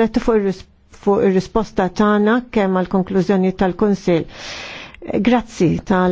Rettu fuq ir-risposta tagħna kemm għall konklużjoni tal-Kunsill. Grazzi tal